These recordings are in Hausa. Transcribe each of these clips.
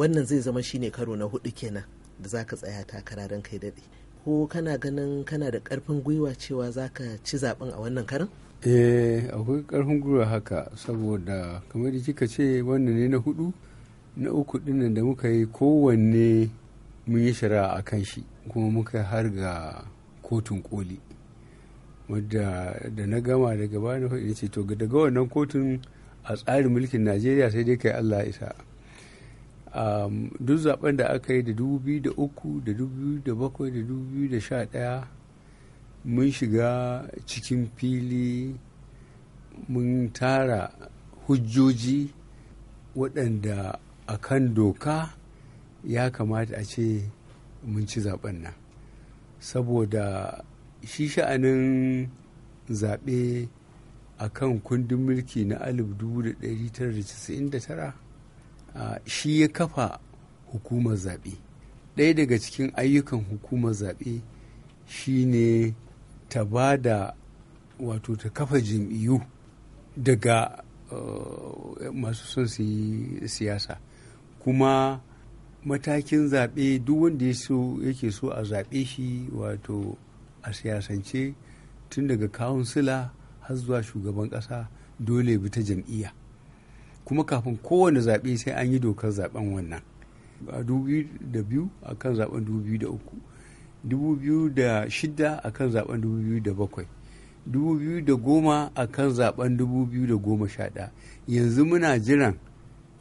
wannan zai zama shine karo na hudu kenan da za ka tsaya takara don kai daɗe ko kana ganin kana da ƙarfin gwiwa cewa za ka ci zaɓen a wannan karin. eh akwai ƙarfin gwiwa haka saboda kamar da kika ce wannan ne na hudu na uku dinnan da muka yi kowanne mun yi shari'a a kan shi kuma muka har ga kotun koli wadda da na gama daga bani ce to daga wannan kotun a tsarin mulkin najeriya sai dai kai allah isa Um, duk zaben da aka yi da 2003 da 2007 da 2011 mun shiga cikin fili mun tara hujjoji waɗanda a kan doka ya kamata a ce mun ci zaben nan saboda shi sha'anin zaɓe a kan kundin mulki na 1999 shi ya kafa hukumar zaɓe ɗaya daga cikin ayyukan hukumar zaɓe ne ta ba da wato ta kafa jam'iyyu daga uh, masu son su yi siyasa kuma matakin zaɓe duk wanda yake so a zaɓe shi wato a siyasance tun daga kawunsila har zuwa shugaban ƙasa dole bi ta jam'iyya kuma kafin kowane zaɓe sai an yi dokar zaɓen wannan a biyu a kan zaɓen 2003 shida a kan zaɓen 2007 2010 a kan zaɓen 2011 yanzu muna jiran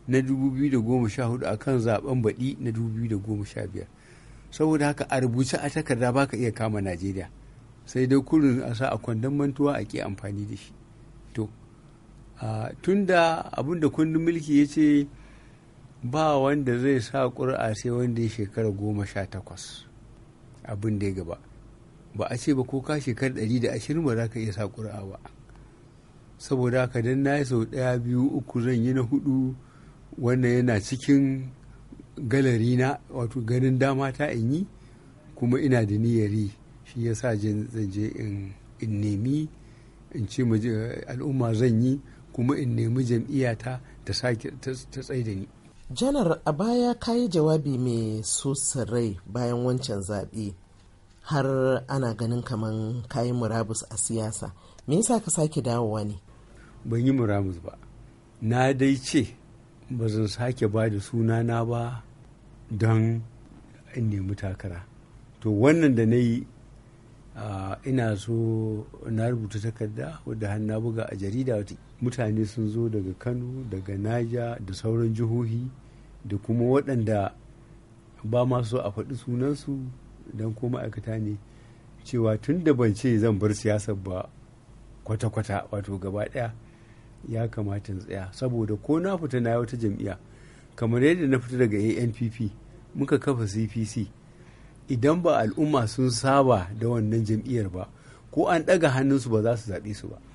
na 2014 a kan zaɓen baɗi na 2015 saboda haka a rubuce a takarda ba ka iya kama najeriya sai dai kurin a sa a kwandon mantuwa a ke amfani da shi to tunda abin da kundin mulki ya ce ba wanda zai sa ƙura sai wanda ya shekara goma sha takwas abin da ya gaba ba a ce ba ko ka shekara ɗari da ashirin ba za ka iya sa ƙura ba saboda haka dan na yi sau ɗaya biyu uku zan yi na hudu wannan yana cikin galari na wato ganin dama ta in yi kuma ina da niyyari shi ya sa zan je in nemi in ce eh, al'umma zan yi kuma in nemi jam'iyyata ta sake ta da ni janar a baya ka yi jawabi mai sosa rai bayan wancan zaɓe har ana ganin kaman yi murabus a siyasa me yasa ka sake dawowa ne ban yi murabus ba na dai ce ba zan sake ba da sunana ba don in nemi takara to wannan da na yi ina so na rubuta takarda wadda hannu buga a jarida mutane sun zo daga kano daga naja da sauran jihohi da kuma waɗanda ba masu a faɗi sunansu don ko ma'aikata ne cewa tun da ban ce zan bar siyasar ba kwata-kwata wato gaba ɗaya ya kamata tsaya saboda ko na fita na wata jam'iyya kamar yadda na fita daga anpp muka kafa cpc idan ba al'umma sun saba da wannan jam'iyyar ba ko an ɗaga hannunsu ba za su zaɓe su ba